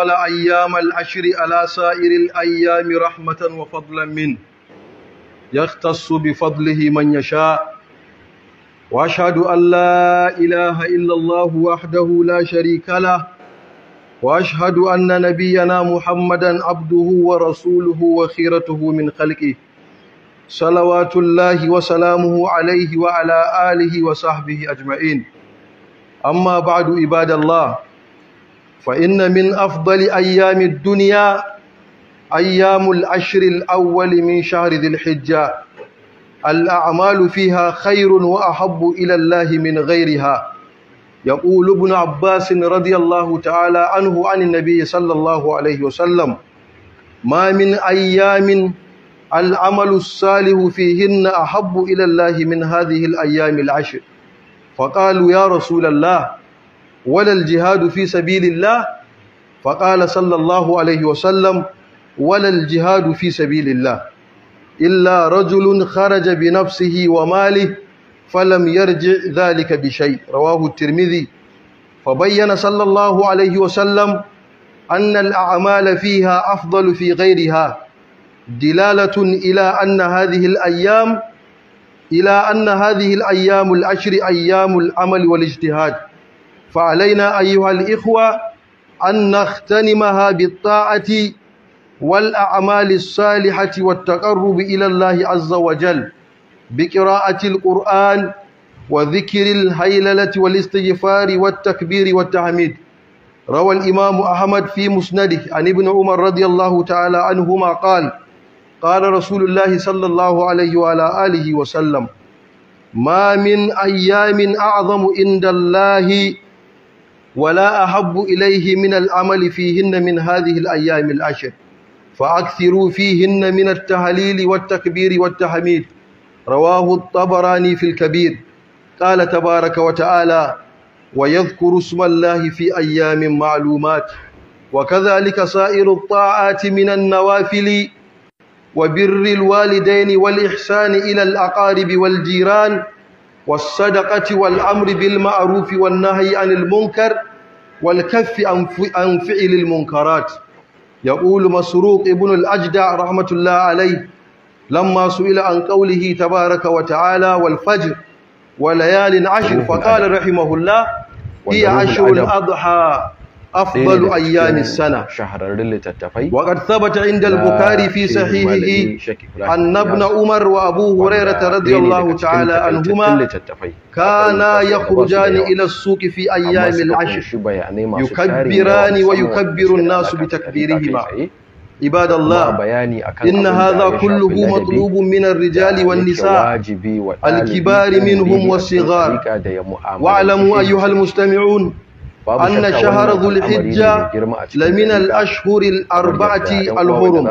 قال أيام العشر على سائر الأيام رحمة وفضلا منه يختص بفضله من يشاء وأشهد أن لا إله إلا الله وحده لا شريك له وأشهد أن نبينا محمدا عبده ورسوله وخيرته من خلقه صلوات الله وسلامه عليه وعلى آله وصحبه أجمعين أما بعد عباد الله فإن من أفضل أيام الدنيا أيام العشر الأول من شهر ذي الحجة الأعمال فيها خير وأحب إلى الله من غيرها يقول ابن عباس رضي الله تعالى عنه عن النبي صلى الله عليه وسلم ما من أيام العمل الصالح فيهن أحب إلى الله من هذه الأيام العشر فقالوا يا رسول الله ولا الجهاد في سبيل الله فقال صلى الله عليه وسلم ولا الجهاد في سبيل الله إلا رجل خرج بنفسه وماله فلم يرجع ذلك بشيء رواه الترمذي فبين صلى الله عليه وسلم أن الأعمال فيها أفضل في غيرها دلالة إلى أن هذه الأيام إلى أن هذه الأيام العشر أيام العمل والاجتهاد فعلينا أيها الإخوة أن نغتنمها بالطاعة والأعمال الصالحة والتقرب إلى الله عز وجل بقراءة القرآن وذكر الهيللة والاستغفار والتكبير والتحميد روى الإمام أحمد في مسنده عن ابن عمر رضي الله تعالى عنهما قال قال رسول الله صلى الله عليه وعلى آله وسلم ما من أيام أعظم عند الله ولا أحب إليه من العمل فيهن من هذه الأيام العشر فأكثروا فيهن من التهليل والتكبير والتحميد رواه الطبراني في الكبير قال تبارك وتعالى ويذكر اسم الله في أيام معلومات وكذلك سائر الطاعات من النوافل وبر الوالدين والإحسان إلى الأقارب والجيران والصدقة والأمر بالمعروف والنهي عن المنكر والكف عن فعل المنكرات يقول مسروق ابن الأجدع رحمة الله عليه لما سئل عن قوله تبارك وتعالى والفجر وليال عشر فقال رحمه الله هي عشر الأضحى afdalu ayyami sana shahararrun littattafai wa qad thabata inda al-bukhari fi sahihihi annabna umar wa abu hurairah radiyallahu ta'ala anhuma kana yakhrujani ila as-suq fi ayyami al-ashr yukabbirani wa yukabbiru an-nasu bi takbirihima عباد الله إن هذا rijali مطلوب من الرجال والنساء الكبار منهم والصغار واعلموا أيها المستمعون anna shahar zulhijja hijja, al-ashhur al-arba'ati al-hurum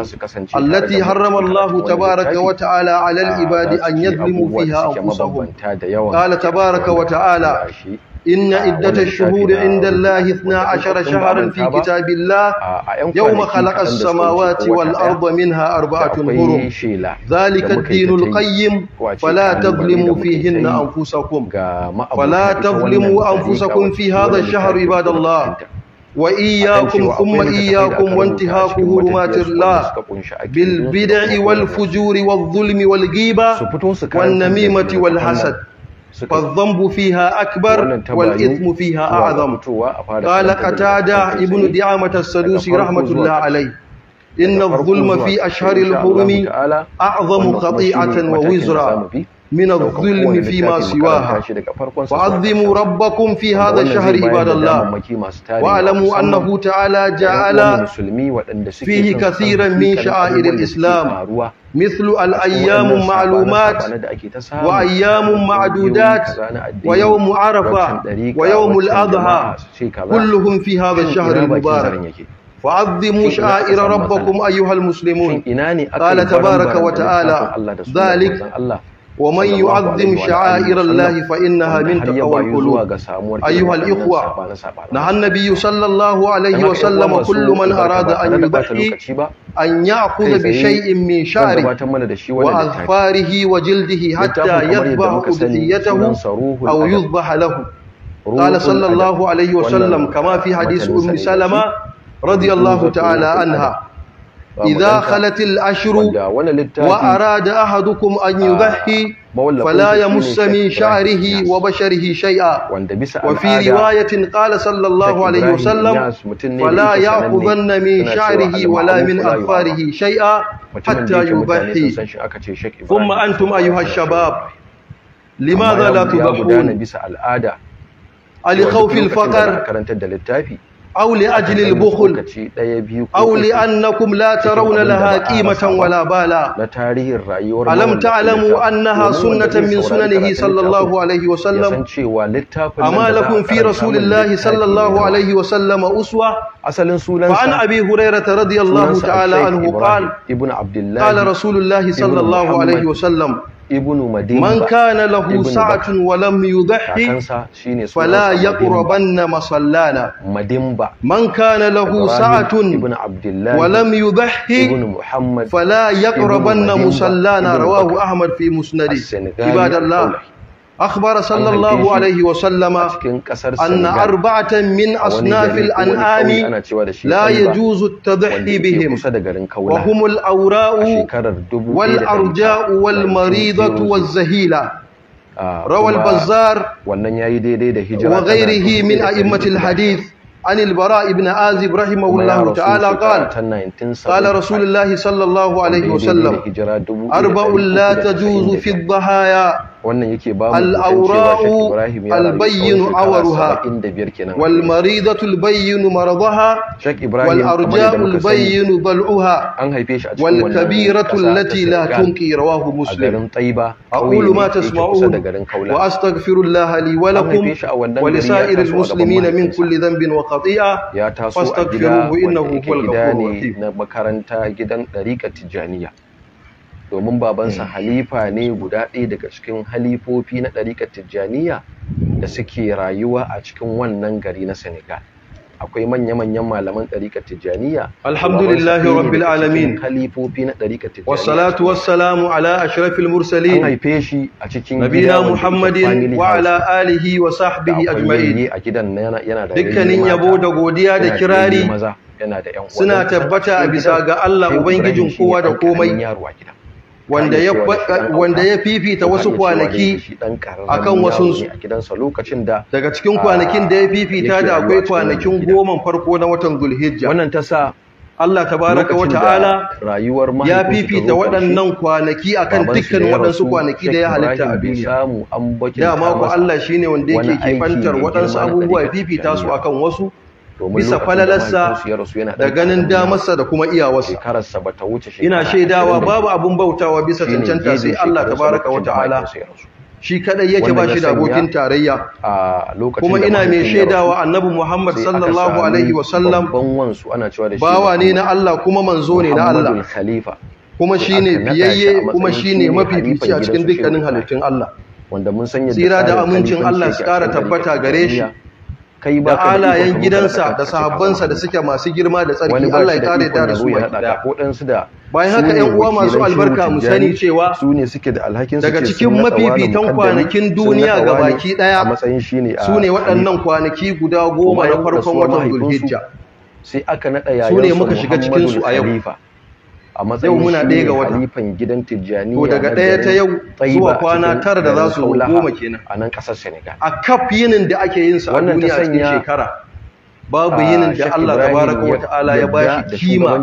allati harrama Allah tabaaraka wa ta'ala 'ala al-ibadi an yadhlimu fiha anfusahum qala tabaaraka wa ta'ala inna iddata shuhuri inda Allahi suna a shara shaharin fi kitabilla yau makalaka samawati wal'arba min ha arba'atun huru zalika dinul kayyim fala taglimu fi hinna an fusakun fala taglimu an fusakun fi haɗa shahar ibadallah wa iyakun kuma iyakun wanti haku hurmatillah bilbida'i wal fujuri wal zulmi wal giba wal namimati wal hasad فالذنب فيها أكبر والإثم فيها أعظم قال قتادة ابن دعامة السدوسي رحمة الله عليه إن الظلم في أشهر الحرم أعظم خطيئة ووزرا من الظلم فيما سواها وعظموا ربكم في هذا الشهر عباد الله واعلموا أنه تعالى جعل فيه كثيرا من شعائر الإسلام مثل الأيام معلومات وأيام معدودات ويوم عرفة ويوم الأضحى كلهم في هذا الشهر المبارك فعظموا شعائر ربكم أيها المسلمون قال تبارك وتعالى ذلك wa man yu'azzim sha'air Allah fa innaha min taqwal qulub ayyuha ikhwa na annabi sallallahu alaihi wa sallam kullu man arada an yubahi an ya'khudha bi shay'in min sha'ri wa azfarihi wa jildihi قال صلى الله عليه وسلم كما في حديث أم سلمة رضي الله تعالى عنها إذا خلت الأشر وأراد أحدكم أن يضحي فلا يمس من شعره وبشره شيئا وفي رواية قال صلى الله عليه وسلم فلا يأخذن من شعره ولا من أظفاره شيئا حتى يضحي ثم أنتم أيها الشباب لماذا لا تضحون لخوف الفقر Auli ajilil buhul al-bukhul aw li annakum la tarawna laha qimatan wala bala na tarihin rayuwar alam ta'lamu annaha sunnatan min sunanihi sallallahu alaihi wa sallam amma lakum fi rasulillahi sallallahu alaihi wa sallam uswa asalin sunan an abi hurairah radiyallahu ta'ala anhu qala ibnu abdullah qala rasulullahi sallallahu alaihi wa sallam ibnu madini man kana lahu sa'atun wa lam yudhi shine fala yaqrabanna masallana madimba man kana lahu sa'atun ibnu abdullah wa lam yudhi ibnu muhammad fala yaqrabanna musallana rawahu ahmad fi musnad ibadallah أخبر صلى الله عليه وسلم أن أربعة من أصناف الأنعام لا يجوز التضحي بهم وهم الأوراء والأرجاء والمريضة والزهيلة روى البزار وغيره من أئمة الحديث عن البراء بن عازب رحمه الله تعالى قال قال رسول الله صلى الله عليه وسلم أربع لا تجوز في الضحايا wannan yake ba mu al'aura'u albayyinu awaruha wal maridatu albayyinu maradaha shek ibrahim wal arja'u bal'uha an haife shi a cikin wannan wal kabiratu allati la tunqi rawahu muslim tayyiba aqulu ma tasma'un wa astaghfirullaha li wa lakum wa li sa'iril muslimina min kulli dhanbin wa khati'a ne na makaranta gidan dariqa tijaniya domin babansa hmm. halifa ne guda ɗaya daga cikin halifofi na ɗariƙar tijjaniya da suke rayuwa a cikin wannan gari na senegal akwai manya-manyan malaman ɗariƙar tijjaniya alhamdulillahi rabbil alamin halifofi na ɗariƙar tijjaniya wassalatu wassalamu ala ashrafil mursalin an haife shi a cikin nabina muhammadin wa ala alihi wa sahbihi ajma'in a gidan yana da dukkanin yabo da godiya da kirari suna tabbata a bisa ga Allah ubangijin kowa da komai yaro a wanda ya fifita wasu kwanaki akan wasunsu daga cikin kwanakin da ya ah, fifita da akwai kwanakin goman farko na watan zulhijja wannan ta sa Allah tabaraka wata ala ya fifita waɗannan kwanaki akan dukkan waɗansu kwanaki da ya halitta a duniya ma ku Allah shine wanda yake kifantar waɗansu abubuwa ya fifita su akan wasu bisa falalarsa da ganin damarsa da kuma iyawarsa ina shaidawa babu abun bautawa bisa cancanta sai Allah tabaraka wa ta'ala shi kadai yake ba shi da abokin tarayya kuma ina mai shaidawa annabi Muhammad sallallahu alaihi wa sallam bawa ne na Allah kuma manzo ne na Allah kuma shine biyayye kuma shine mafifici a cikin dukkanin halittun Allah wanda mun sanya da amincin Allah su kara tabbata gare shi kai ba ka da alayen gidansa da sahabbansa da suke masu girma da tsarki Allah ya tare da su ko dan su da bayan haka ɗan uwa masu albarka mu sani cewa su ne suke da alhakin daga cikin mafifitan kwanakin duniya ga baki daya su ne waɗannan kwanaki guda goma na farkon watan Dhulhijja sai aka nada yayin su ne muka shiga cikin su a yau a matsayin muna ɗaya ga halifan gidan Tijjani to daga ɗaya ta yau zuwa kwana tara da za su goma kenan a nan ƙasar Senegal a kaf yinin da ake yin sa a duniya cikin shekara babu yinin da Allah tabaraka wa ta'ala ya bashi kima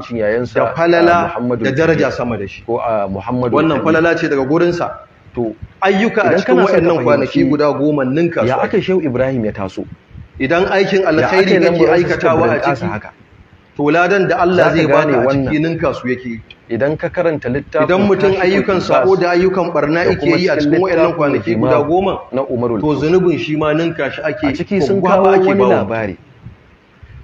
da falala da daraja sama da shi ko a Muhammadu wannan falala ce daga gurin sa to ayyuka a cikin waɗannan kwanaki guda goma ninka ya aka Shehu Ibrahim ya taso idan aikin alkhairi kake aikatawa a ciki haka to ladan da Allah zai bani a cikin ninka su yake idan ka karanta littafin idan mutum ayyukan sako da ayyukan barna yake yi a cikin wayannan kwanaki guda goma na Umarul to zunubin shi ma ninka shi ake a ciki sun kawo wani labari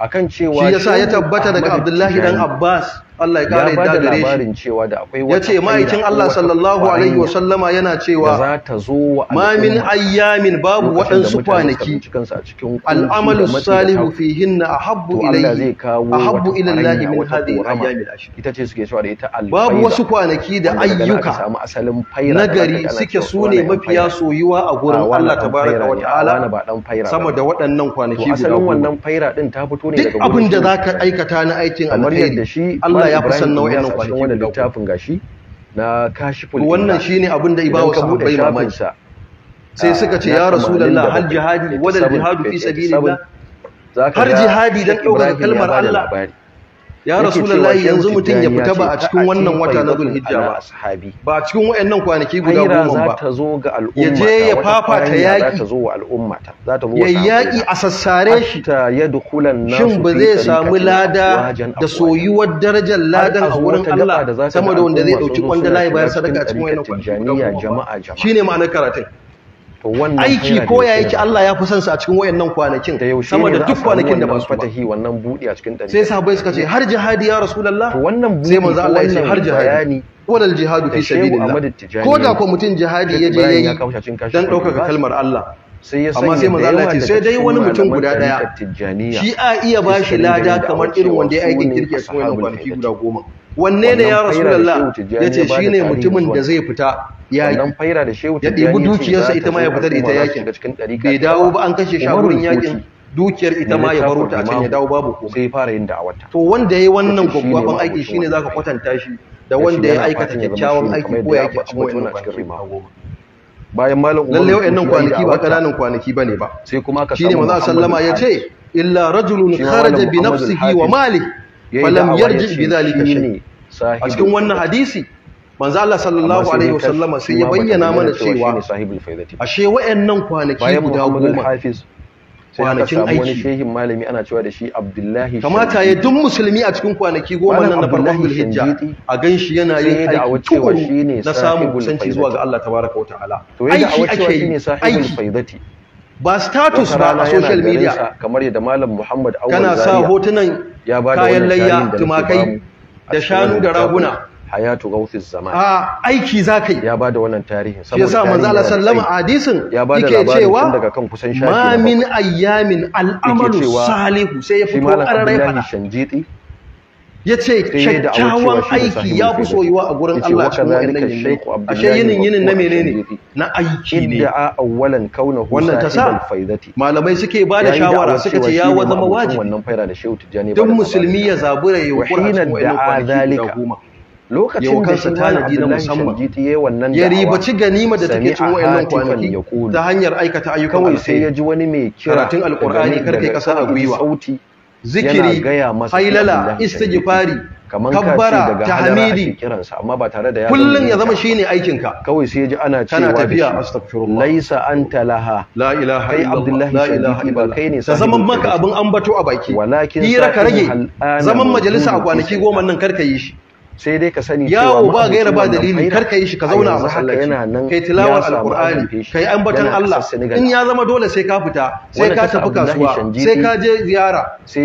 akan cewa shi yasa ya tabbata daga Abdullahi dan Abbas Allah ya kare da gare shi ya ce ma'aikin Allah sallallahu alaihi wa sallama yana cewa ma min ayyamin babu waɗansu kwanaki al'amalu salihu fi hinna ahabbu ilayhi ahabbu ila Allah min hadhihi al-ayyamil ashr ita ce suke cewa da ita al babu wasu kwanaki da ayyuka na gari suke sune mafiya soyuwa a gurin Allah tabaraka wa ta'ala sama da waɗannan kwanaki guda asalin wannan faira din ta fito ne daga abin da zaka aikata na aikin alheri Allah ya fi san nau'in kwanakin wannan littafin gashi na kashiful wannan shine abin da ibawa bai mamaki sai ah, suka ce ya rasulullah hal jihadi wala jihadu fi sabilillah har jihadi dan daukar kalmar Allah ya rasulullahi yanzu mutum ya fita ba a cikin wannan wata na zulhijja ba ba a cikin wayannan kwanaki guda goma ba ya je ya fafa ta yaki ya yaki a sassare shi shin ba zai samu lada da soyuwar darajar ladan a wurin Allah sama da wanda zai dauki kwandala ya bayar sadaka a cikin wayannan kwanaki shine ma'anar karatun aiki ko ya yake Allah ya fi son su a cikin wayannan kwanakin da yaushe sama da duk kwanakin da ba su fatahi wannan budi a cikin dare sai sahabbai suka ce har jihadi ya rasulullah lalla? wannan budi sai manzo Allah ya ce har jihadi wal jihadu fi sabilillah ko da ko mutun jihadi ya je yayi dan daukaka kalmar Allah amma sai manzo Allah ce sai dai wani mutum guda daya shi a iya ba shi lada kamar irin wanda ya aikin kirki a cikin wannan kwanaki guda goma wanne ne ya rasulullah yace shine mutumin da zai fita yaki wannan faira da shehu ya ɗibi dukiyarsa ita ma ya fitar ita yakin bai dawo ba an kashe shi a yakin dukiyar ita ma ya baro ta a can ya dawo babu komai sai fara yin da'awata to wanda yayi wannan gwaggwaban aiki shine zaka kwatanta shi da wanda ya aikata kyakkyawan aiki ko ya yake cikin wannan cikin goma bayan malam umar lalle wayannan kwanaki ba kananan kwanaki bane ba sai kuma aka shine manzo sallama yace illa rajulun kharaja bi nafsihi wa mali falam yarji bi dhalika shay a cikin wannan hadisi manzo Allah sallallahu alaihi wasallama sai ya bayyana mana cewa ashe wayannan kwanaki guda goma kwanakin aiki wani shehin malami ana cewa da shi Abdullahi kamata ya duk musulmi a cikin kwanaki goma nan na farkon hijja a ganshi yana yin aiki cewa shine na samu kusanci zuwa ga Allah tabaraka wa ta'ala to yayin aiki ake yi aiki faidati ba status ba a social media kamar yadda malam Muhammad Awwal kana sa hotunan ya kayan layya tumakai da shanu da raguna hayatu gausis zaman a ah, aiki zakai ya bada wannan tarihin saboda yasa manzo Allah sallama hadisin yake cewa daga kan kusan shafi ma min ayyamin al'amalu salihu sai ya fito ararai fada shanjiti yace kyakkyawan aiki ya fi soyuwa a gurin Allah cikin wannan a shi yinin yinin na menene na aiki ne awwalan kaunahu wannan ta sa malamai suke ba da shawara suka ce ya wa zama wajibi wannan faira da shehu tijani duk musulmi ya zabura yayi wa hina da zalika lokacin da shi tanadi na musamman ya ribaci ganima da take cin wayannan kwanaki ta hanyar aikata ayyukan kawai sai ya ji wani mai kira karatun alqur'ani karkai kasa a gwiwa zikiri hailala istighfari kabbara tahmidi kiransa amma ba tare da ya kullun ya zama shine aikin ka kawai sai yaji ana cewa kana tafiya astaghfirullah laisa anta laha la ilaha illallah la ilaha illallah Ka zama maka abin ambato a baki hira ka rage zaman majalisa a kwanaki goma nan karka yi shi sai dai ka sani cewa yawo ba gaira ba dalili kar ka yi shi ka zauna a masallaci kai tilawar alqur'ani kai ambaton Allah in ya zama dole sai ka fita sai ka tafi kasuwa sai ka je ziyara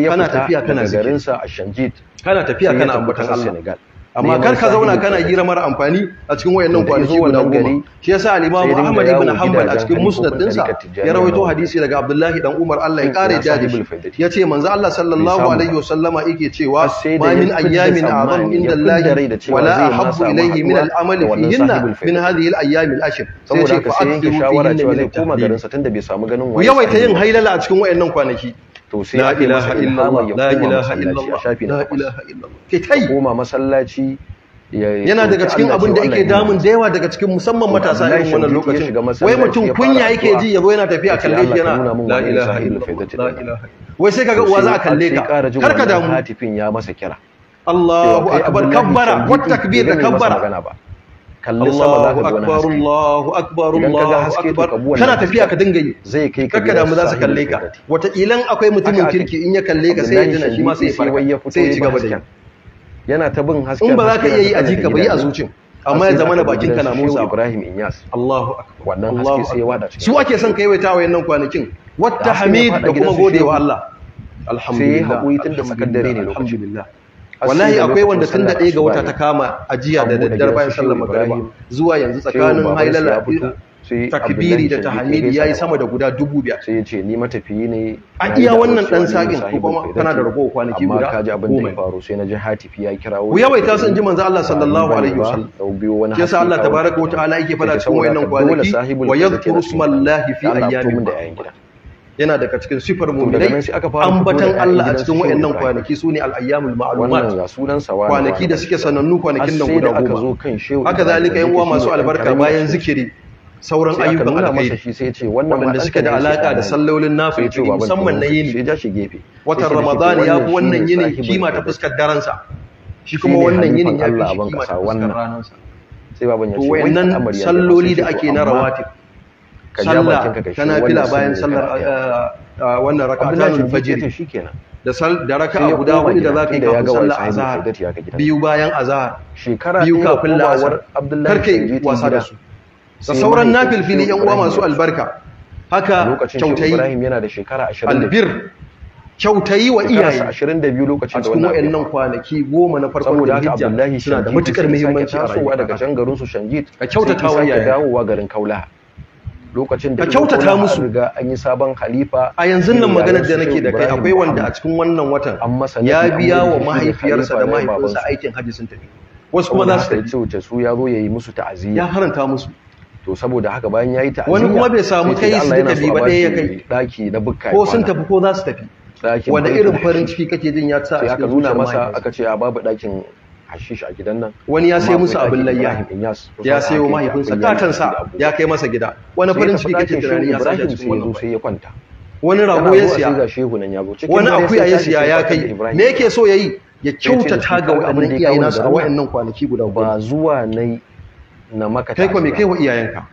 kana tafiya kana garin sa a Shanjit kana tafiya kana ambatan Allah amma kar ka zauna kana gira mara amfani a cikin wayannan kwanaki wanda goma shi yasa al-Imam Ahmad ibn Hanbal a cikin Musnad dinsa ya rawaito hadisi daga Abdullahi dan Umar Allah ya kare jaji yace manzo Allah sallallahu alaihi wasallama yake cewa ma min ayyamin azam inda Allah wala habbu ilayhi min al-amali fihinna min hadhihi al-ayyam al-ashr sai ce fa shawara cewa zai koma garin sa tunda bai samu ganin wani yawaita yin hailala a cikin wayannan kwanaki to sai ya ɗaya masa illa ya koma masallaci a shafi na takwas koma masallaci yana daga cikin abin da yake damun da yawa daga cikin musamman matasa irin wannan lokacin wai mutum kunya yake ji yabo yana tafiya kalle shi yana la ilaha illallah wai sai kaga uwa za a kalle ka Karka damu hatifin ya masa kira Allahu akbar kabbara wat takbir da kabbara kalli sama za ka ga wani haske Allahu akbar Allahu akbar kana tafiya ka dinga yi zai kai ka mu za su kalle ka wata ilan akwai mutumin kirki in ya kalle ka sai ya jina shi ma sai ya farka sai ya ci gaba da yana ta bin haske in ba za ka iya yi a ka ba yi a zucin. amma ya zama na bakin ka na Musa Ibrahim Inyas Allahu akbar wannan haske sai ya wada su ake son kai waita wayannan kwanakin wata hamid da kuma godewa Allah alhamdulillah sai hakuri tun da sakandare ne lokacin alhamdulillah wallahi akwai wanda tun da ɗaya ga wata ta kama ajiya da daddare bayan sallar magariba zuwa yanzu tsakanin hailala takbiri da tahmidi yayi sama da guda dubu biyar sai yace ni matafiyi ne a iya wannan dan sakin, ko kuma kana da rago kwanaki guda amma kaji abin da ya faru sai naji hatifi ya kirawo ku yawaita sun ji manzo Allah sallallahu alaihi wasallam sa Allah tabaraka wa ta'ala yake fada cikin wannan kwanaki wa yadhkuru smallahi fi ayyamin da yayin gida yana daga cikin sifar mu'minai ambatan Allah a cikin wayannan kwanaki sune al-ayyamul ma'lumat kwanaki da suke sanannu kwanakin nan guda goma haka zalika yan uwa masu albarka bayan zikiri sauran ayyukan alkhairi da suke da alaka da sallolin nafil musamman na yini watan ramadan ya fi wannan yini kima ta fuskar daransa shi kuma wannan yinin ya fi kima ta fuskar ranansa sai baban ya ce wannan salloli da ake na rawatib ka ja bakin ka kashi wannan bayan sallar eh, eh, wannan fajr da sal da guda hudu da zaka yi kafin sallar azhar biyu bayan azhar shekara biyu kafin wasa da su da sauran yan uwa masu albarka haka kyautayi Ibrahim yana da shekara 20 albir kyautayi wa iyaye 22 lokacin da wannan cikin wannan kwanaki goma na farko da hijja suna da matukar muhimmanci a rayuwa daga can garin su Shangit ka kyautata wa iyaye dawowa garin kaula lokacin da kyautata musu ga an yi sabon khalifa a yanzu nan eh, maganar da nake da kai akwai wanda a cikin wannan watan ya biya wa mahaifiyarsa da mahaifinsa aikin haji sun tafi wasu kuma za su tafi ta su ya zo ya yi musu ta'aziyya ya haranta musu to saboda haka bayan yayi ta'aziyya wani kuma bai samu kai su tafi ba ɗaya ya kai daki na bukka ko sun tafi ko za su tafi wanda irin farin ciki kake jin ya ta a cikin aka nuna masa aka ce a babu dakin hashish a gidan nan wani ya sai musu abin layya ya sai wa mahaifinsa katansa ya kai masa gida wani farin ciki kake tunani ya sashi cikin wannan sai ya kwanta wani rago ya siya wani akuya ya siya ya kai me yake so yayi ya kyauta ta ga wa'annan iyayen nasu a wa'annan kwanaki guda ba zuwa nai na makata kai ko me kai wa iyayenka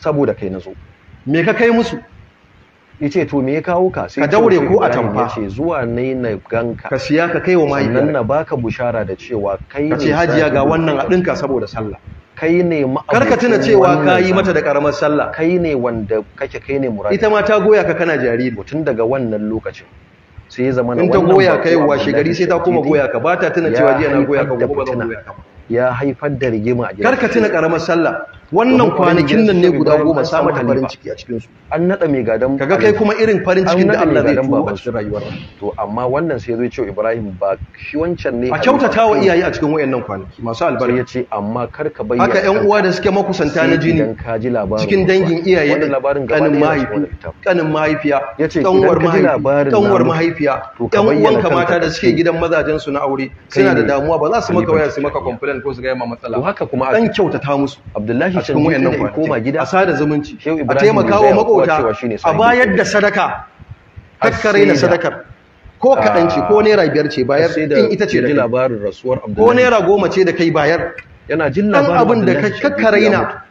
saboda kai na zo me ka kai musu ya ce to me ya kawo ka sai ka daure ko a tamfa ya ce zuwa ne na ganka ka siya ka kai wa mahaifiya sannan na baka bushara da cewa kai ne Ka ce hajiya ga wannan a dinka saboda sallah kai ne Kar ka tuna cewa ka yi mata da karamar sallah kai ne wanda kake kai ne muradi ita ma ta goya ka kana jariri tun daga wannan lokacin sai ya zama in ta goya ka yi washe gari sai ta koma goya ka ba ta tuna cewa jiya na goya ka gobe ba zan goya ka ya haifar da rigima a gida kar ka tuna karamar sallah wannan kwanakin nan ne guda goma samun da farin ciki a cikinsu an naɗa mai gadon kaga kai kuma irin farin cikin da Allah zai tuwo a cikin rayuwar to amma wannan sai zai ce Ibrahim ba shi wancan ne a kyautata wa iyaye a cikin wayannan kwanaki masu ya ce amma kar ka bayyana haka 'yan uwa da suke makusanta na jini cikin dangin iyaye kanin mahaifiya mahaifi mahaifiya mata da suke gidan mazajen su na aure suna da damuwa ba za su maka waya su maka ko su ga yamma matsala haka kuma dan kyautata musu Abdullahi a cikin wayannan kwanaki a sada zumunci a taimaka wa makota a bayar da sadaka kakkare na sadakar ko kadanci ko naira biyar ce bayar din ita ce da labarin rasuwar Abdullahi. ko naira goma ce da kai bayar yana jin labarin abin da kakkare na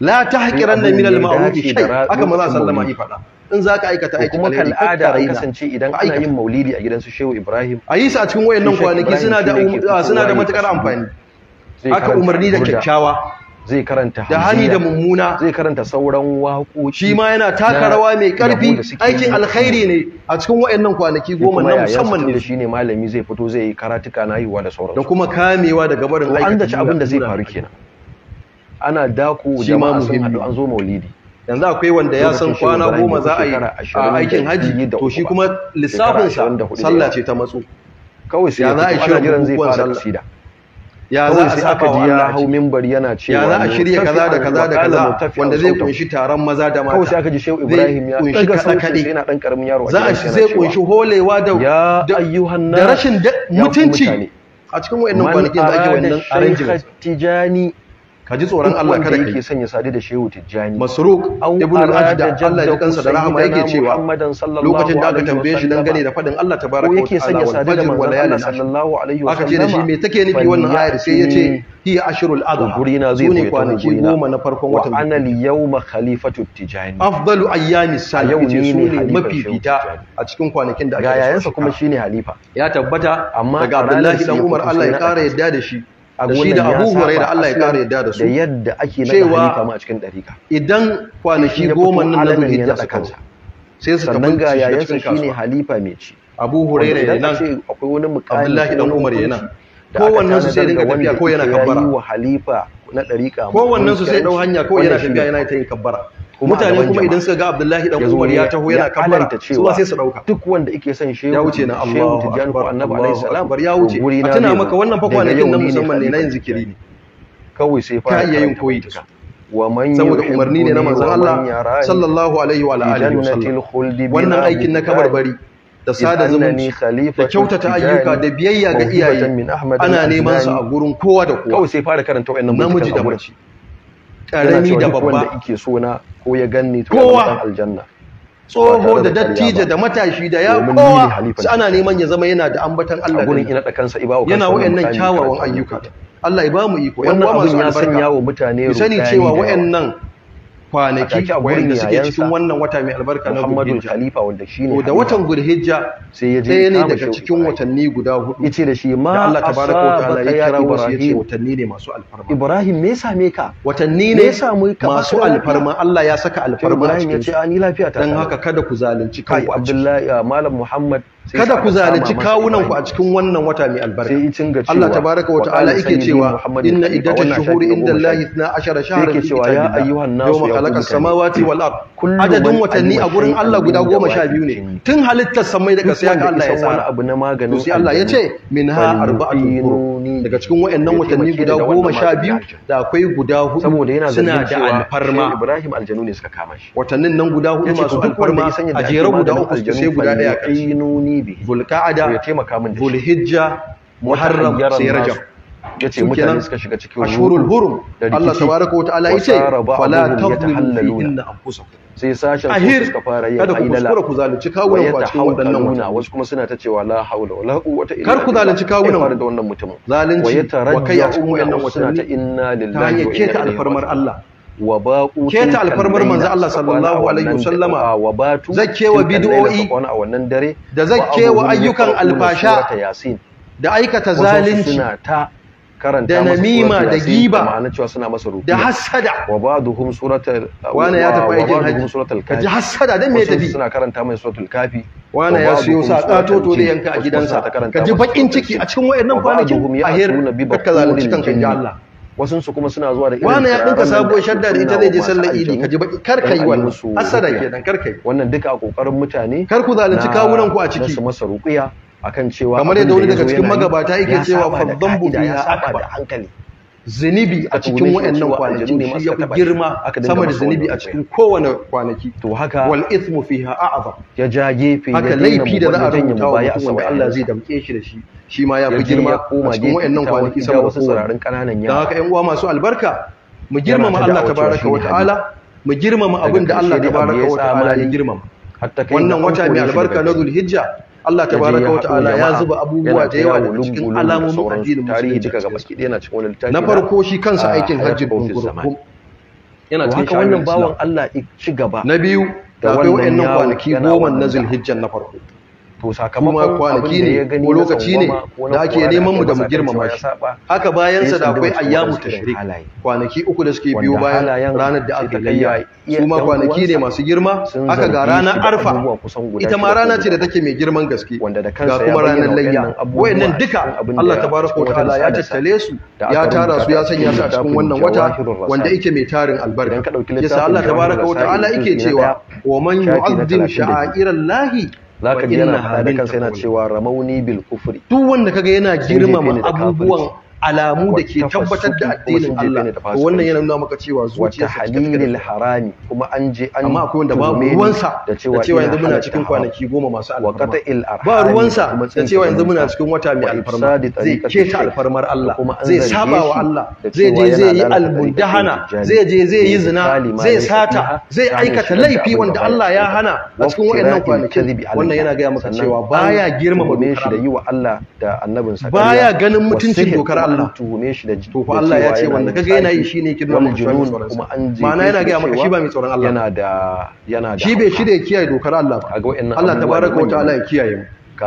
la tahqiran min al-ma'ruf shay aka maza sallama yi faɗa in za ka aikata aiki kuma ada ya kasance idan ana yin maulidi a gidansu shehu ibrahim a yi su a cikin wayannan kwanaki suna da um- suna da matakar amfani aka umarni da kyakkyawa zai karanta da hali da mummuna zai karanta sauran waƙoƙi shi ma yana taka rawa mai ƙarfi aikin alkhairi ne a cikin waɗannan kwanaki goma na musamman ne shi ne malami zai fito zai yi karatuka na haihuwa da sauransu da kuma kamewa daga barin aikata an da ci abin da zai faru kenan ana dako jama'a sun haɗu an zo maulidi yanzu akwai wanda ya san kwana goma za a yi a aikin haji to shi kuma lissafinsa sallah ce ta matso kawai sai ya za a yi shirin bukukuwan sallah ya za a saka ji ya hau mimbar yana cewa ya za a shirya kaza da kaza da kaza wanda zai kunshi taron maza da mata kawai sai aka ji Shehu Ibrahim ya kunshi kada kade yana dan karamin yaro za a zai kunshi holewa da da rashin mutunci a cikin wayannan kwanakin da ake wannan arrangement tijani ka ji tsoron Allah kada kai yake son ya da Shehu tijani Masruq ibn al-Ajda Allah ya kansa da rahama yake cewa lokacin da aka tambaye shi dangane da fadin Allah tabaraka wa ta'ala wa fajr wa layalin sallallahu alaihi wa sallam aka ce shi me take nufi wannan ayar sai yace ce hiya ashirul adha na zai zo kwanaki goma na farkon watan wa ana al-yawma khalifatu tijani afdalu ayyami sayyidi ce mafi fita a cikin kwanakin da aka ga yayansa kuma shine halifa ya tabbata amma daga Abdullahi dan Umar Allah ya kara yadda da shi a gonan da Abu Hurairah Allah ya kare yadda da su da yadda ake na halifa a cikin dariƙa idan kwanaki goma nan na zulhijja kansa sai su tabbata ga yayansa shine halifa mai ci Abu Hurairah ya nan akwai wani Abdullahi dan Umar yana kowannen su sai dinga tafiya ko yana kabbara wa halifa na dariƙa kowannen su sai dau hanya ko yana tafiya yana ta yin kabbara mutane kuma idan suka ga Abdullahi dan Umar ya taho yana kabbara su ba sai su dauka duk wanda yake son shehu ya wuce na Allahu Tijani ko Annabi alayhi salam ya wuce a tana maka wannan fa kwanakin nan musamman ne na yin zikiri ne kawai sai fa ka iya yin koyi saboda umarni ne na manzon Allah sallallahu alaihi wa alihi wasallam wannan aikin na kabarbari da sada zumunci da kyautata ayyuka da biyayya ga iyaye ana neman su a gurin kowa da kowa kawai sai fara karanta wayannan namiji da mace karami da babba ko ya ganni to kowa aljanna tsoho da dattijo da matashi da ya kowa shi ana neman ya zama yana da ambatan Allah gurin ina da kansa ibawo yana wayannan kyawawan ayyuka Allah ya ba mu iko yan mutane masu albarka sani cewa wayannan kwanaki a gurin da suke cikin wannan wata mai albarka na Muhammadu Khalifa wanda shine da watan Zulhijja sai ya je ne daga cikin watanni guda hudu yace da shi ma Allah tabaraka wa ta'ala ya kira wa shi yace watanni ne masu alfarma Ibrahim me yasa me ka watanni ne masu alfarma Allah ya saka alfarma cikin Ibrahim yace ani lafiya ta dan haka kada ku zalunci kanku Abdullahi uh, Malam Muhammad kada ku zalunci kawunan ku a cikin wannan wata mai albarka Allah tabaraka wa ta'ala yake cewa inna iddatash shuhuri Allah 12 shahran yake cewa ya ayyuhan nasu yawma khalaqas samawati wal ard adadin watanni a gurin Allah guda 12 ne tun halittar samai da ƙasa haka Allah ya tsara abu na maganin sai Allah yace minha arba'atun qurun daga cikin wayannan watanni guda 12 da akwai guda hudu saboda yana suna da alfarma Ibrahim aljanuni suka kama shi watannin nan guda hudu masu alfarma a jere guda uku sai guda daya kai bi zulqa'ada ya taimaka min zulhijja muharram sai rajab yace mutane suka shiga cikin ashurul hurum Allah tabaaraka wataala yace fala tadhlimu inna anfusakum sai sashen suka fara aidala kada ku kuskura ku zalunci kawunan ku a cikin wannan mutane wasu kuma suna ta cewa la haula wala quwwata illa kar ku zalunci kawunan da wannan mutumin zalunci wa kai a cikin wannan wasu ta inna lillahi wa inna ilaihi raji'un ta alfarmar Allah wabaku ke ta alfarmar manzo Allah sallallahu alaihi wasallama wabatu zakke wa bid'o'i da zakke wa ayyukan alfasha da aikata zalunci da namima da giba da hasada wa ba'duhum suratal wana ya tafi aikin haji suratul kafi ji hasada dan me tafi suna karanta mai suratul kafi wana ya siyo sa katoto da yanka a gidansa ka ji bakin ciki a cikin wayannan kwanakin ahir kaza zalunci kanka ya Allah wasunsu su kuma suna zuwa da irin wani ya dinka sabo shadda da ita zai je sallar idi ka ji baki kar kai wannan asada kenan kar kai wannan duka a kokarin mutane kar ku zalunci kawunan ku a ciki su masa ruqiya akan cewa kamar yadda wani daga cikin magabata yake cewa fa dhanbu biha akbar hankali zunubi a cikin wa'annan kwanaki shi ya fi girma sama da zunubi a cikin kowane kwanaki to haka wal ithmu fiha a'zam ya ja gefe haka laifi da za a rubuta wa mutum wanda Allah zai damke shi da shi shi ma ya fi girma a cikin wa'annan kwanaki sama da wasu sararin kananan Da haka ƴan uwa masu albarka mu girmama Allah tabaraka wa ta'ala mu girmama abin da Allah tabaraka wa ta'ala ya girmama wannan wata mai albarka na Zulhijja Allah baraka wa ta'ala ya zuba abubuwa da yawa da cikin alamomin addinin musulunci na farko shi kansa uh, aikin hajji gurgurkum yana cikin wannan bawan Allah ya ci gaba na biyu da wannan wayannan kwanaki goma na zulhijjan na farko to sakamakon kwanaki ne ko lokaci ne da ake neman mu da mu girmama shi haka bayan sa da akwai ayyamu tashrik kwanaki uku da suke biyo bayan ranar da aka kayya su ma kwanaki ne masu girma haka ga ranar arfa ita ma rana ce da take mai girman gaske ga kuma ranar layya wayannan duka Allah tabaraka wa ta'ala ya tattale su ya tara su ya sanya su a cikin wannan wata wanda yake mai tarin albarka yasa Allah tabaraka wa ta'ala yake cewa wa man yu'azzim sha'airallahi zaka ji yana faɗa da kansa yana cewa ramauni bil kufri duk wanda kaga yana girmama abubuwan alamu da ke tabbatar da addinin Allah wannan yana nuna maka cewa zuciya ta halilil harami kuma an je an amma akwai wanda ba ruwansa da cewa yanzu muna cikin kwanaki goma masu alfarma ba ruwansa da cewa yanzu muna cikin wata mai alfarma zai keta alfarmar Allah zai saba wa Allah zai je zai yi almudahana zai je zai yi zina zai sata zai aikata laifi wanda Allah ya hana a cikin wayannan kwanaki wannan yana gaya maka cewa baya girmama wa Allah baya ganin mutuncin dokar Allah Allah tuhume shi da to fa Allah ya ce wanda kaga yana yi shine yake nuna maka junun kuma an ji ma'ana yana ga maka shi ba mai tsoron Allah yana da yana da shi bai shi da ya kiyaye dokar Allah ba Allah tabaraka wa ta'ala ya kiyaye mu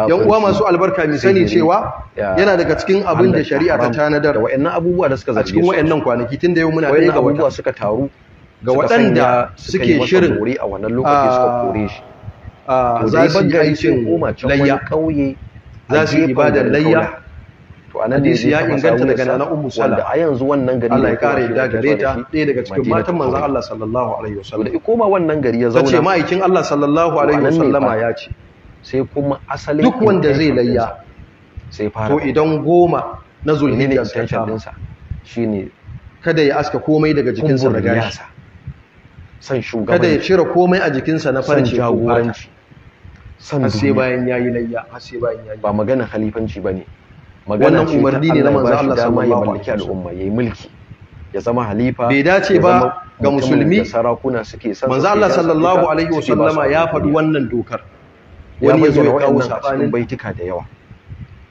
yan uwa masu albarka mi sani cewa yana daga cikin abin da shari'a ta tanadar da wayannan abubuwa da suka zarge a cikin wa'annan kwanaki tun da yau muna ɗaya ga wata suka taru ga waɗanda suke shirin a wannan lokaci suka kore shi za su yi cin layya za su yi ibadar layya to a hadisi ya inganta daga nana ummu salama a yanzu wannan gari Allah ya kare da gare ta ɗaya daga cikin matan manzon Allah sallallahu alaihi wasallam da koma wannan gari ya zauna tace ma'aikin Allah sallallahu alaihi wasallama ya ce sai kuma asalin duk wanda zai layya sai fara to idan goma na zulhijja ta shamsa shine kada ya aska komai daga jikinsa da gashi san shugabanci kada ya cire komai a jikinsa na farce jagoranci san sai bayan yayi layya sai bayan yayi ba magana khalifanci bane wannan umarni ne na manzo Allah sallallahu alaihi wasallam ya mulki ya zama halifa bai dace ba ga musulmi sarakuna suke san manzo Allah sallallahu alaihi sallama ya faɗi wannan dokar wani ya zo ya kawo sabanin baitika da yawa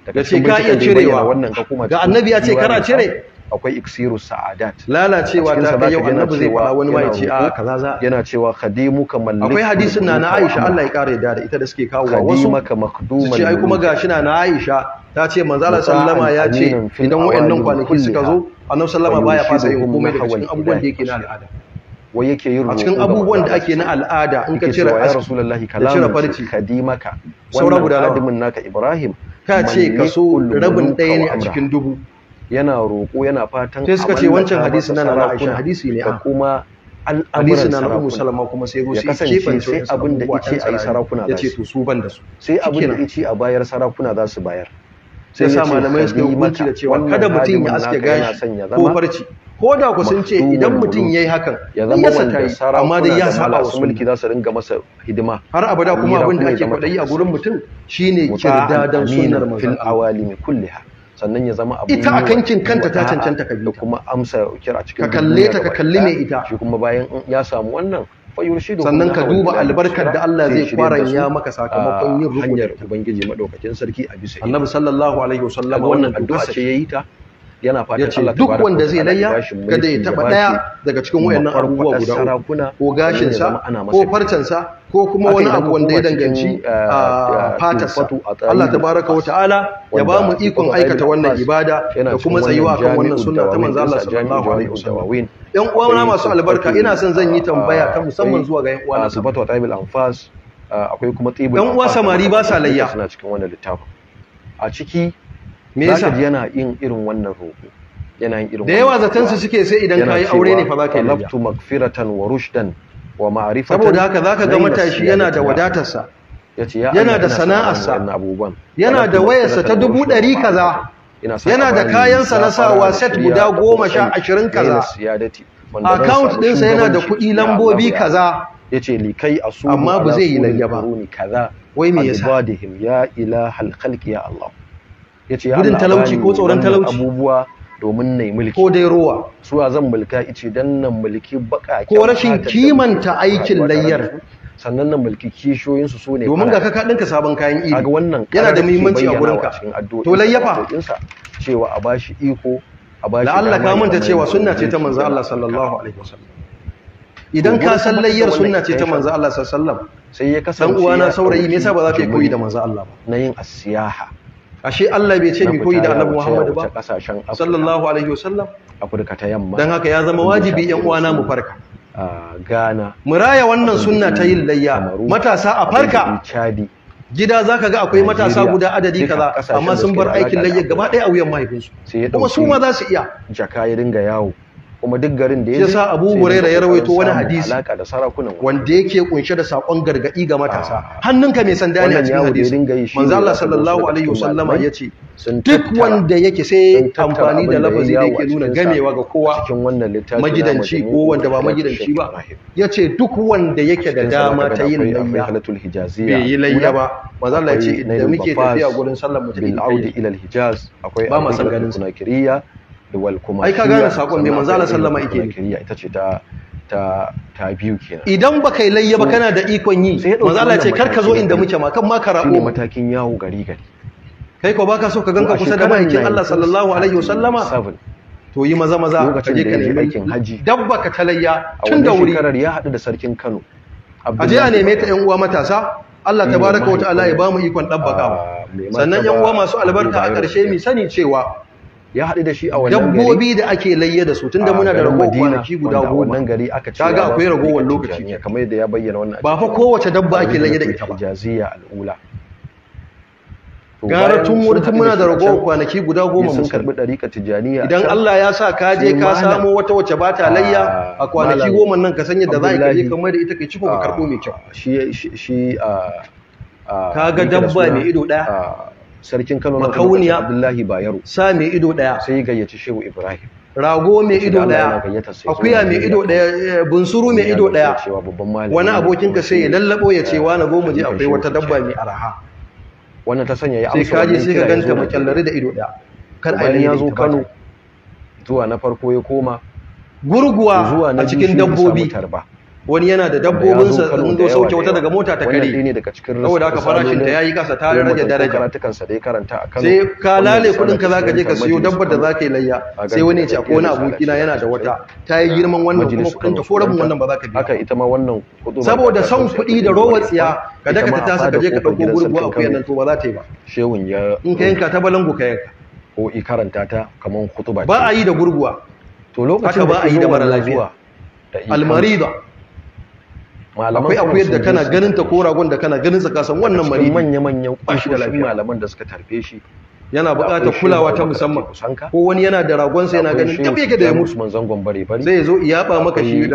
daga cikin ka iya cirewa wannan ga kuma ga annabi ya ce kana cire akwai iksiru sa'adat lalacewa ta kai yau annabi zai fara wani ma yace a kaza za yana cewa khadimuka mallik akwai hadisin na na Aisha Allah ya kare da ita da suke kawo wasu khadimuka makduman sai ai kuma gashi na na Aisha ta ce manzala sallama ya ce idan wayannan kwanaki suka zo annabi sallama baya fasa yin komai daga cikin abubuwan da yake na al'ada wa yake yin a cikin abubuwan da ake na al'ada in ka cire ya rasulullahi kalamu farci kadimaka saura guda ladimin naka ibrahim ta ce ka so rabin ɗaya ne a cikin dubu yana roƙo yana fatan sai suka ce wancan hadisi na na Aisha hadisi ne a kuma al'amuran na Ummu Salama kuma sai go sai kefan sai abin da yace ayi sarakuna za su yace to su ban da su sai abin da yace a bayar sarakuna za su bayar sai sa malamai suka yi hukunci da cewa kada mutum ya aske gashi ko farci ko da ku sun ce ya yi hakan ya zama wanda amma dai ya saba wasu mulki za su ringa masa hidima har abada kuma abin da ake kwaɗayi a gurin mutum shine kirdadan sunar sannan ya zama abu ita akankin kanta ta cancanta ka kuma amsa kira cikin ka kalle ta ka kalli mai ita shi kuma bayan ya samu wannan sannan ka duba albarkar da Allah zai kwaranya maka sakamakon yin hanyar ubangiji madaukakin sarki a bisa annabi sallallahu alaihi wasallam wannan addu'a ce yayi ta yana fatan Allah duk wanda zai layya kada ya taba daya daga cikin wayannan abubuwa guda uku ko gashin sa ko farcen sa ko kuma wani abu wanda ya danganci eh, eh, fatar sa Allah tabaraka wa ta'ala ya ba mu ikon aikata wannan ibada da kuma tsayuwa kan wannan sunna ta manzo Allah sallallahu alaihi wasallam yan uwana masu albarka ina son zan yi tambaya ta musamman zuwa ga yan uwana ah, sabatu wa ta'imil anfas ah, akwai kuma tibul yan uwa samari ba sa layya a ciki me yasa yana yin irin wannan roƙo yana yin irin da yawa zaton su suke sai idan kayi aure ne fa baka yi laftu magfiratan wa rushdan wa ma'rifatan saboda haka zaka ga matashi yana da wadatarsa yana da sana'arsa yana da wayarsa ta dubu ɗari kaza yana da kayansa na sawa set guda goma sha ashirin kaza account ɗinsa yana da kuɗi lambobi kaza yace likai amma ba zai yi layya ba wai me yasa ya ilahal khalqi ya Allah yace gudun talauci ko tsoron talauci abubuwa domin na mulki ko dai ruwa su suwa zan mulka ice dan nan mulki baka ko rashin kimanta aikin layyar sannan nan mulki kishoyinsu su ne domin ga kaka dinka sabon kayan iri ga wannan yana da muhimmanci a gurin ka to layyafa cewa a bashi iko a bashi la Allah ka manta cewa sunna ce ta manzo Allah sallallahu alaihi wasallam idan ka san layyar sunna ce ta manzo Allah sallallahu alaihi wasallam sai ya kasance dan uwana saurayi me yasa ba za ka yi koyi da manzo Allah ba na yin asiyaha ashe Allah bai ce mai koyi da Annabi Muhammadu ba sallallahu alaihi wasallam Afirka ta haka ya zama wajibi yan uwana mu farka Ghana mu raya wannan sunna ta yin layya matasa a farka gida zaka ga akwai matasa guda adadi kaza amma sun bar aikin layya gaba ɗaya a wuyan mahaifinsu kuma su ma za su iya jaka ya dinga yawo kuma duk garin da ya sa Abu Hurairah ya rawaito wani hadisi wanda yake kunshe da sakon gargadi ga matasa ah. hannunka mai sanda ne a cikin hadisi manzo Allah sallallahu alaihi wasallama yace duk wanda yake sai amfani da lafazi da yake nuna gamewa ga kowa cikin wannan littafi magidanci ko wanda ba magidanci ba yace duk wanda yake da dama ta yin layya halatul hijaziya bai yi layya ba manzo Allah yace da muke tafiya gurin sallar mu ta audi ila al hijaz akwai ba masan ganin sunakiriya wal kuma ai ka gane sakon ne manzala sallama yake kiriya ita ce ta ta ta biyu kenan idan baka yi layya ba kana da ikon yi manzala ce kar ka zo inda muke ma kan ma karabo. ne matakin yawo gari gari kai ko baka so ka ganka kusa da ma'aikin Allah sallallahu alaihi wasallama to yi maza maza ka je ka nemi aikin haji dabba ka talayya tun da wuri karar ya hadu da sarkin Kano aje a neme ta 'yan uwa matasa Allah tabaraka wa ta'ala ya bamu ikon dabbakawa sannan 'yan uwa masu albarka a ƙarshe mi sani cewa ya haɗu da shi a wannan gari dabbobi da ake layye da su tunda muna da ragowar kwanaki guda goma wannan gari aka ce kaga akwai ragowar lokaci kamar yadda ya bayyana wannan ba fa kowace dabba ake layye da ita ba ijaziya al'ula gara tun wurin tun muna da ragowar kwanaki guda goma mun karbi dariƙa tijaniya idan Allah ya sa ka je ka samo wata wace ba ta ah, layya a kwanaki goma nan ka san yadda za ka je kamar da ita kai ciko ka karbo mai kyau ah, shi shi ah, a ga dabba mai ido daya sarkin Kano na Makauniya Abdullahi Bayero sa mai ido daya sai gayyaci Shehu Ibrahim rago mai ido daya akuya mai ido daya eh, bunsuru mai ido daya wani abokin ka sai ya lallabo ya ce wa na goma je akwai wata dabba mai araha wannan ta sanya ya amsa sai kaje sai ka ganta makallare da ido daya kar a ya zo Kano zuwa na farko ya koma gurguwa a cikin dabbobi wani yana da dabbobinsa sun zo sauke wata daga mota ta kare saboda haka farashin ta yayi kasa ta rage daraja sai ka lale kudin ka zaka je ka siyo dabbar da zaka yi layya sai wani ya ce akwai wani aboki na yana da wata ta yi girman wannan kuma kudin ta forabin wannan ba zaka biya haka ita ma wannan saboda son kudi da rowa tsiya ka daka ta tasa ka je ka dauko gurbu akuyan nan to ba za ta yi ba shewun ya in ka yanka ta balangu ka yanka ko i karanta ta kaman khutuba ba a yi da gurguwa to lokacin da ba a yi da mara lafiya almarida akwai akwai da kana ganin ta ko ragon da kana ganin sa kasan wannan mari manya manyan kwashi da lafiya malaman da suka tarfe shi yana buƙatar kulawa ta musamman ko wani yana da ragon sa yana ganin tafi yake da ya mutu manzon gombare bari zai zo ba maka shi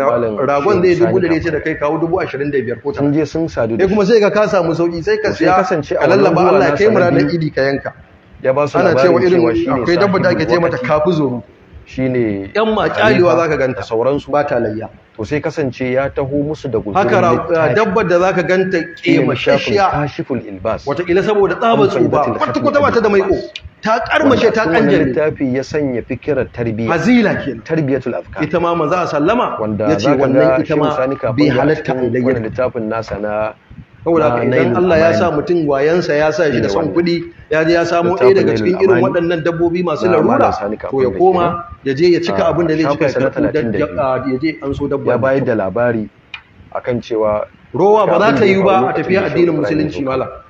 ragon zai dubu da ce da kai kawo dubu ashirin da biyar ko tan. je sun sadu da kuma sai ka kasa mu sauki sai ka siya kasance a lallaba Allah ya kai mu idi ka yanka ya ba su ana cewa irin akwai dabba da ake ce mata kafu zoro shine yan makyalewa zaka ganta sauransu ba ta layya to sai kasance ya taho musu da guzuri haka dabbar da zaka ganta kemashashiya kashiful ilbas wataƙila saboda tsabar tsuba wata kwata ba ta da maiƙo, ta karmashe ta kanjare littafi ya sanya fikirar tarbiyya hazila kenan tarbiyatul afkar ita ma manzo sallama yace wannan ita ma bi halatta ilayya littafin nasa na saboda idan Allah ya sa mutum wayansa ya sa shi da son kuɗi ya je ya samo ɗaya daga cikin irin waɗannan dabbobi masu larura to ya koma ya je ya cika ah, abin da zai cika ah, ya je an so dabba ya bayar da labari akan rowa ba za ta yi ba a tafiya addinin musulunci mala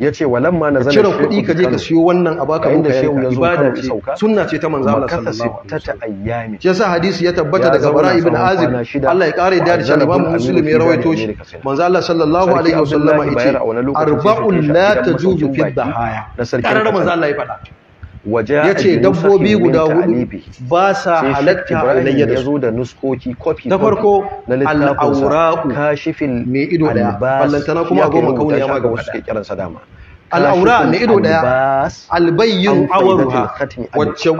yace walamma nazala cire kuɗi ka je ka siyo wannan a baka inda shehu ya zo kan sauka sunna ce ta manzo Allah sallallahu alaihi wasallam shi yasa hadisi ya tabbata daga bara ibn azib Allah ya kare da shi imam muslim ya rawaito shi manzo Allah sallallahu alaihi wasallam ce arba'un la tajuju fi dhahaya da sarki manzo Allah ya faɗa ya ce dabbobi guda hudu ba sa halatta alayya da su da nuskoki kofi da farko al'auraku kashifin mai ido daya ballantana kuma goma kauniya ma ga wasu ke kiran sa dama al'aura mai ido daya albayyin awaruha wacce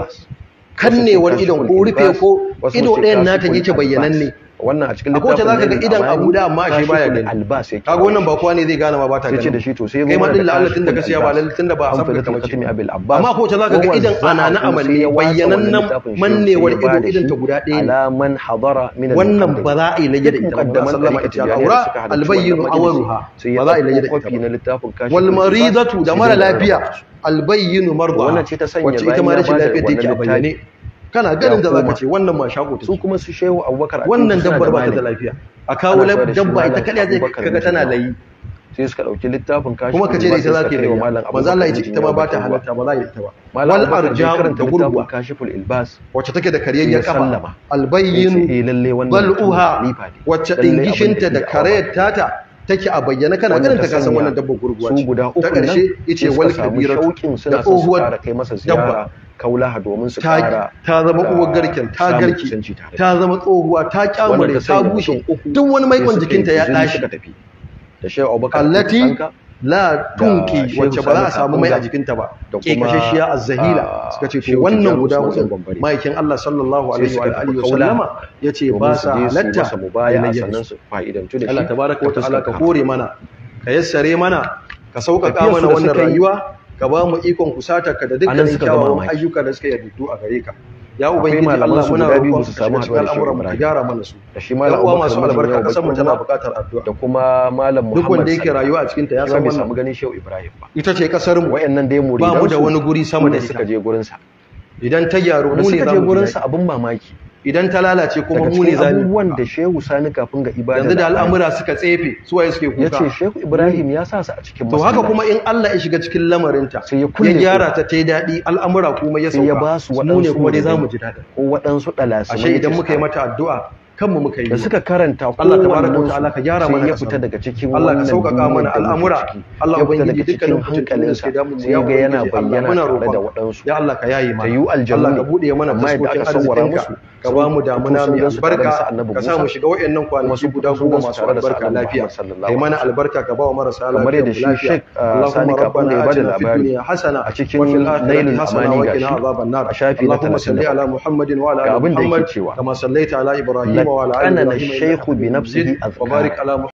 kannewar idon ko rufe ko ido ɗayan nata bayyanan bayyananne wannan a cikin littafin ne ga idan abu da amma shi baya gani Ka yake wannan ba kowa ne zai gane ma ba ta gani sai da shi to sai kai ma din tun da kashiya ba lalatin da ba a san da kashi abil abbas amma kowace zaka ga idan ana na amalli ne nan mannewar ido idan ta guda ɗaya ala wannan ba za a yi da ita ba. sallama ita aura ba za a yi da ita ba. da mara lafiya albayyin marda wannan ce ta sanya bayan ita ma kana ganin da zaka ce wannan ma shago ta su kuma su shehu abubakar wannan dabbar ba ta da lafiya a kawo dabba ita kada zai kaga tana layi sai suka dauki littafin kashi kuma kace da ita zaka yi malam manzo Allah ya ce ita ma ba ta halatta ba za yi ta ba wal arja'u karanta gurbu kashiful ilbas wacce take da ya kafa albayyin bal uha wacce ta da karayar tata take a bayyana kana ganin ta kasan wannan dabbar gurguwa su guda uku ta karshe yace wal kabira da masa dabba kaulaha domin su kara ta zama uwar garken ta garke ta zama tsohuwa ta kyamure ta bushe duk wani maikon jikinta ya tashi da shehu abubakar allati la tunki wacce ba za a samu mai a jikinta ba ke kashashiya ah, azzahila suka ce to wannan guda hudun ma'aikin Allah sallallahu alaihi wa alihi wa sallama yace ba sa halatta sannan su fa'idantu da shi Allah tabaraka wa ta'ala ka kore mana ka yassare mana ka sauƙaƙa mana wannan rayuwa ka ba mu ikon kusata ka da dukkan kyawawan ayyuka da suka yi yaddu a gare ka ya ubangiji Allah muna roƙon su samu cikin al'amuran mu gyara mana su da shi malam uwa masu albarka kasan mu tana buƙatar addu'a da kuma malam Muhammad duk wanda yake rayuwa a cikin ta ya san wannan samu ganin Shehu Ibrahim ba ita ce kasar mu wayannan dai muridan ba mu da wani guri sama da suka je gurin sa idan ta gyaro mu ne za mu je gurin sa abun mamaki idan ta lalace kuma mu ne zamu abubuwan da Shehu Sani kafin ga ibada yanzu da al'amura suka tsefe su waye suke kuka yace Shehu Ibrahim ya sa su a cikin masallaci to haka kuma in Allah ya shiga cikin lamarinta sai ya kulle ya gyara ta tai dadi al'amura kuma ya sauka sai ya ba su wadansu mu ne kuma dai zamu ji dadi ko wadansu dalasi ashe idan muka yi mata addu'a kanmu muka yi da suka karanta Allah tabaraka wa ta'ala ka gyara mana ya fita daga cikin Allah ka sauƙaƙa mana al'amura Allah ya ubangiji dukkanin hankalin sa da ya ga yana bayyana tare da waɗansu ya Allah ka yayi mana tayu aljanna Allah ka bude mana mai da aka arzikin ka ka ba mu damuna mai albarka ka sa mu shiga wayannan kwanaki guda goma masu albarka lafiya kai mana albarka ka ba wa marasa lafiya kamar yadda shi Sheikh uh, Sani Kafan da ya bada labari hasana a cikin Nailul Amani gashi a shafi na 30 Muhammadin wa ala ali Muhammad kama sallaita ala Ibrahim أنا الشيخ بنفسه أذكى